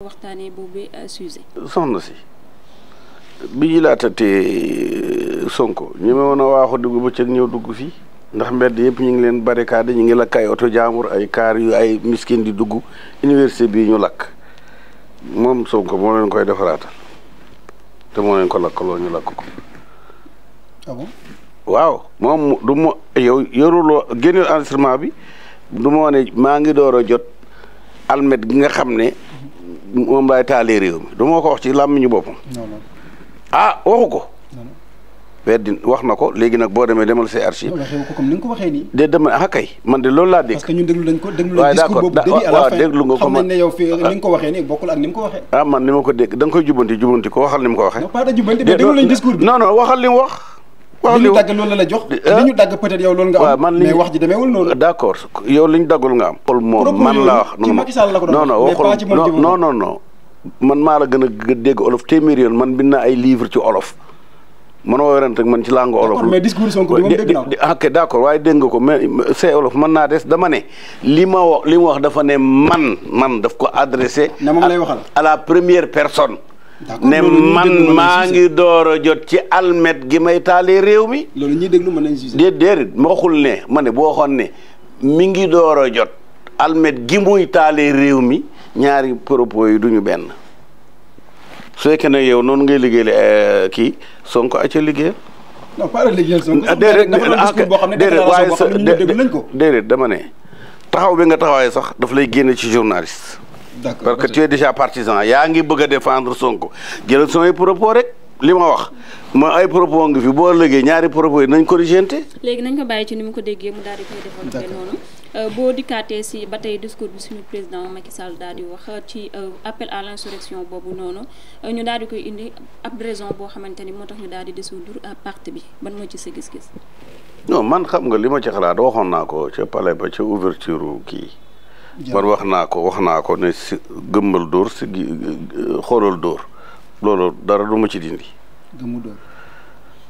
waxtaanee euh, soxna si bi ñu laatatee euh, Sonko ñu ma woon a waaxu dugg bëccëg ñëw dugg fii ndax mbedd yëpp ñu ngi leen barricade ñu ngi lakk ay oto jaambur ay kaar ay miskin di duggu université bii ñu lakk moom Sonko moo leen koy defaraatal te moo ko lakk loo ñu lakk ah waaw moom du ma yow yoruloo génneel enregistrement bi du ma wane maa ngi door jot almet gi nga xam ne. moom laay taalee réew mi du moo ko wax ci làmmiñu boppam. ah waxu ko. wax na ko léegi nag boo demee demal say archive. waxee ko comme ni ah, kay man de loolu laa dégg. parce que ñun déglu nañ boobu début à la fin déglu nga ko man ah, ni ah. bokkul ak ni ko waxee. ah man ni ko dégg da koy jubanti jubanti ko waxal ni ko waxee. non non waxal li wax. waaw li ñu dagg loolu la la jox. li ah, ñu dagg peut-être yow loolu nga am. man mais wax ji demeewul noonu. d'accord yow li ñu daggul nga am. xool moom man la wax. ci Macky Sall la ko doon wax non non non non non man maa la gën a dégg olof téeméeri yoon man bind naa ay livre ci olof. mënoo werante man ci langue olof. mais discours Sonko bi moom dégg naa ko. ok d'accord waaye dégg nga ko mais c'est olof mën naa des dama ne li ma wax li ma wax dafa ne man man daf ko adressé. na moom lay waxal à la première personne. ne man maa ngi door jot ci almet gi may taalee réew mi. loolu ñuy déglu mën nañ si. déedéet ma waxul ma ne boo ne mi ngi door jot almet gi muy taalee réew mi ñaari propos yi du ñu benn su ne yow noonu ngay liggéeyal euh, kii Sonko acca liggéey. non pas liggéeyal Sonko. Ah, déedéet ah, waaye déedéet dama ne taxaw bi nga taxawee sax daf lay génne ci journaliste. parce que tu es déjà partisan yaa ngi bëgg a défendre Sonko jëlal samay propos rek li ma wax moo ay propos ngi fi boo léegi ñaari propos yi nañ ko corrigenté. léegi nañ ko bàyyi ci ni mu ko déggee mu daal di koy développé noonu. Euh, boo dikkaatee si ba tey discours bi suñu président Macky Sall daal di wax euh, ci euh, appel à l' insurrection boobu noonu ñu daal di koy indi ab raison boo xamante ni moo tax ñu daal di dissoudre parti bi ban moo ci sa gis-gis. non man xam nga li ma ci xalaat waxoon naa ko ca palais ba ca ouverture kii. man wax naa ko wax naa ko ne si gëmmal dóor si xoolal dóor loolu dara du ma ci dindi. gëmmu dóor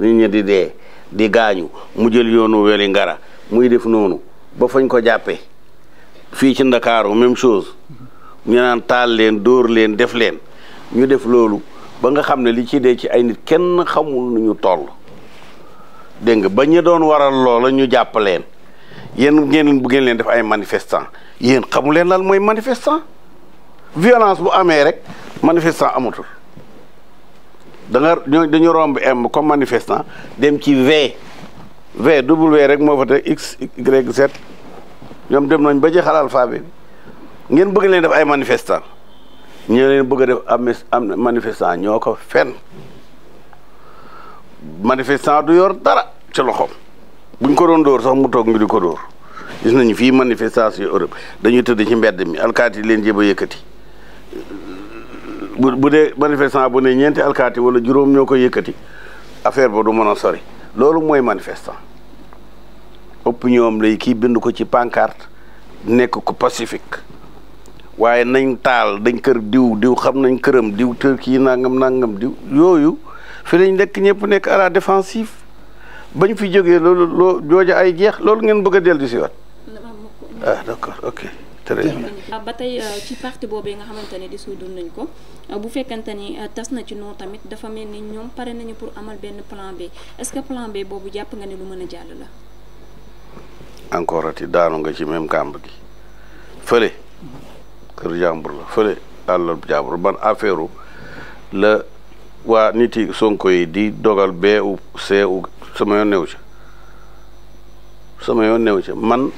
nit ñi di dee di gaañu mu jël yoonu weli ngara muy def noonu ba fañ ko jàppee fii ci ndakaaru même chose ñu naan taal leen dóor leen def leen ñu def loolu ba nga xam ne li ci dee ci ay nit kenn xamul nu ñu toll dégg nga ba ñu doon waral loola ñu jàpp leen yéen ngeen bu ngeen leen def ay manifestant yéen xamu leen lan mooy manifestant violence bu amee rek manifestant amatul da nga ñoo dañu romb M comme manifestant dem ci V V double V rek moo fa te X Y Z ñoom dem nañ ba ci xalaal faa ngeen bëgg leen def ay manifestant ñoo bëgg a am am manifestant ñoo ko fen manifestant du yor dara ci loxoom buñ ko doon dóor sax mu toog ngi di ko dóor gis nañu fii manifestation Europe dañuy tëdd ci mbedd mi alkaati leen jéem a bu bu dee manifestant bu ne ñeenti alkaati wala juróom ñoo ko yëkkati affaire ba du mën a sori loolu mooy manifestant opinion am lay kii bind ko ci pancarte nekk ko pacifique waaye nañ taal dañ kër diw diw xam nañ këram diw tër kii nangam nangam diw yooyu fi lañ nekk ñëpp nekk à la défensive bañ fi jógee loolu loo ay jeex loolu ngeen bëgg a dellu si waat ah d'accord ok très bien ah, ba tey euh, ci parti yi nga xamante ne dissoudre nañ ko euh, bu fekkente ni euh, tas na ci noonu tamit dafa mel ni ñoom pare nañu pour amal benn plan B est-ce plan B boobu jàpp nga ne lu mën a jàll la. encore ati daanu nga ci même kàmb gi fële kër jàmbur la fële àll jàmbur ban affaire la waa nit yi yi di dogal B ou C ou sama yoon néew ci sama yoon néew ci man.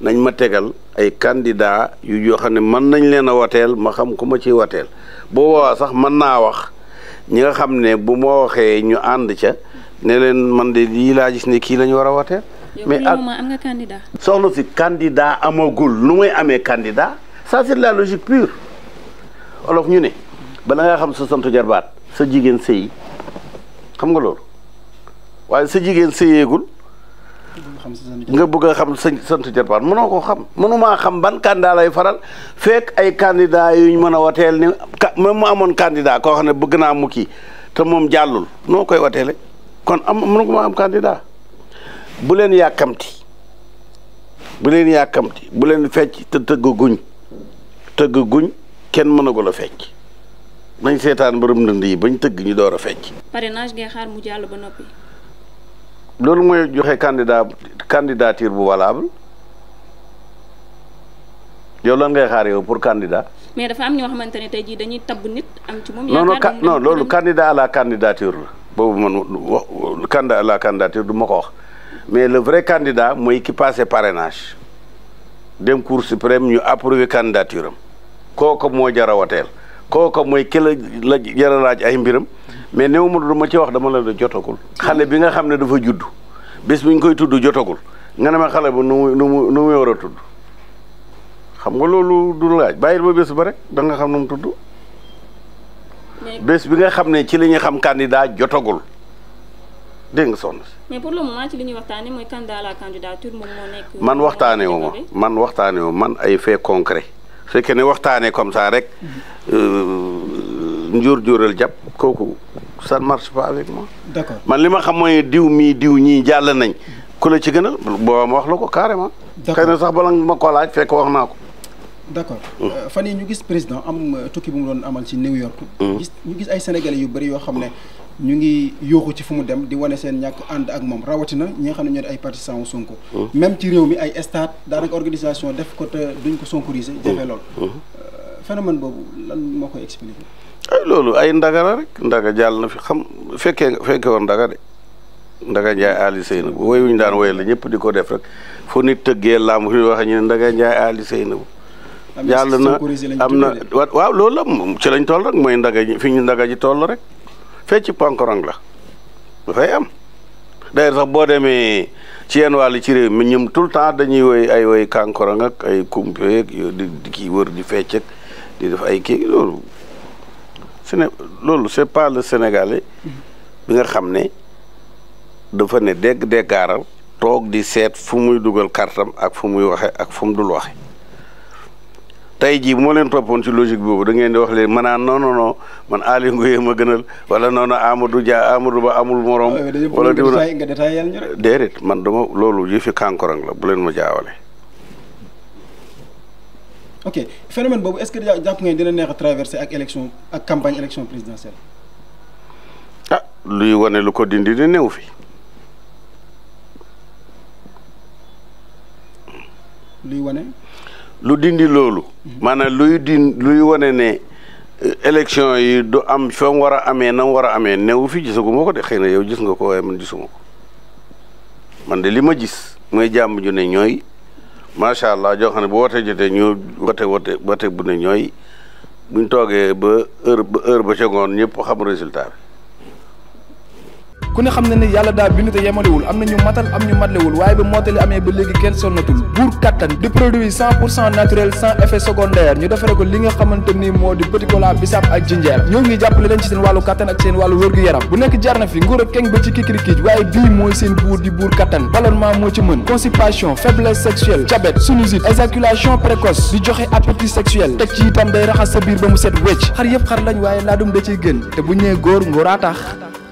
nañ ma tegal ay candidat yu yoo xam ne man nañ leen a wateel ma xam ku ma ciy wateel boobaa sax man naa wax ñi nga xam ne bu ma waxee ñu ànd ca ne leen man de lii laa gis ne kii lañu war a wateel mais am nga candidat soxna si candidat amagul nu may amee candidat ça c'est de la logique pure olof ñu ne bala nga xam soo santu jarbaat sa jigéen sëyi xam nga loolu waaye sa jigéen sëyeegul nga bëgg a xam sa sant jarbaat mënoo ko xam mënumaa xam ban candidat lay faral fekk ay candidat ñu mën a wateel ni même mu amoon candidat koo xam ne bëgg naa mu kii te moom jàllul noo koy wateele kon am mënu ko ma am candidat bu leen yàkkamti bu leen bu leen fecc te tëgg guñ tëgg guñ kenn mën a fecc nañ seetaan borom ndënd yi bañ tëgg ñu door a fecc parrainage ngay xaar mu jàll ba noppi loolu mooy joxe candidat candidature bu valable yow lan ngay xaar yow pour candidat. mais dafa am ñoo xamante tey jii dañuy tabb nit non loolu candidat à la candidature la boobu man wax candidat à la candidature du ma ko wax mais le vrai candidat mooy ki passé parrainage dem cour suprême ñu approuvé candidature am kooku moo jar kooka mooy ki la la laaj ay mbiram mais néew ma du ma ci wax dama la jotagul xale bi nga xam ne dafa juddu bis bu ñu koy tuddu jotagul nga ne ma xale bu nu nu mu nu muy war a tudd xam nga loolu du laaj bàyyi ba bés ba rek da nga xam nu mu tudd bés bi nga xam ne ci li ñu xam candidat jotagul dégg nga soxna si. mais pour ci li ñuy waxtaanee mooy candidat la candidature moom moo man waxtaanee wu man waxtaanee man ay fait concret su fekkee ne waxtaanee comme ça rek euh, njur jural jàpp kooku ça ne marche pas avec moi. man li ma xam mooy diw mii diw ñii jàll nañ ku la ci gën a boo ma wax la ko carrément. d'accord xëy na sax bala ma ko laaj wax naa ko. d'accord hmm. euh, fan yii ñu gis président am euh, tukki bu mu doon amal ci New York. Hmm. ñu gis ay sénégalais yu bari yoo xam ne. ñu ngi yooxu ci fu mu dem di wane seen ñàkk ànd ak moom rawatina ñi nga xam ne ñoo di ay partisans wu Sonko. Hmm. même ci réew mi ay stade daanaka organisation def ko te duñ ko sonkorisé. Hmm. jafe lool. Hmm. Euh, phénomène boobu lan moo koy expliqué. loolu ay ndaga rek ndaga jàll na fi xam fekkee fekke woon ndaga de ndaga Ndiaye na Seynabou woy wu ñu la ñëpp di ko def rek fu nit tëggee làmb fi wax ñu ne ndaga Ndiaye Ali Seynabou jàll na am na waaw loolu la ci lañ toll rek mooy ndaga fi ñu ndaga ji toll rek. fecc ci la dafay am d'ailleurs sax boo demee ci yenn wàllu ci réew mi ñoom tout le temps dañuy woy ay woy kankorong ak ay kumpeeg yo di kii wër di fecc ak di def ay kii loolu Séné loolu c'est pas le sénégalais bi nga xam ne dafa ne dégg déggaaral toog di seet fu muy dugal kartam ak fu muy waxe ak fu mu dul waxe tey jii moo ma leen toppoon ci logique boobu dangeen di wax leen maanaam non non man Aly Ngouille ma gënal wala non non Amadou Dia Amadou Ba amul morom. wala diw man dama loolu yëfi kankorang la bu leen ma jaawale. ok phénomène boobu est-ce que jàpp ngeen neex a traversé ak élection ak campagne élection présidentielle. ah luy wane lu ko dindi di fi. lu dindi loolu maanaam luy din luy wane ne euh, élection yi du am fa mu war a amee na mu war a amee new fi gisagu ma de xëy na yow gis nga ko waaye man gisuma man de li ma gis mooy jàmm ju ne ñooy macha allah joo xam ne bu wootee jotee ñu wote wote wote bu ne ñooy buñ toogee ba heure ba heure ba ca ngoon ñëpp xam résultat bi ku ne xam ne ne yàlla daal bindu yemalewul am na ñu matal am ñu matlewul waaye ba mottali amee ba léegi kenn sonnatul buur kattan di produit cent pour cent naturel sans effet secondaire ñu defare ko li nga xamante ni moo di petit cola bisaab ak jinjeer ñoo ngi jàppale leen ci seen wàllu kattan ak seen wàllu wërgu yaram bu nekk jarna fi nguur ak keng ba ci kikirikiij waaye bii mooy seen buur di buur kattan ballonnement moo ci mën constipation faiblesse sa biir ba mu set wecc xar yëpp xar lañ waaye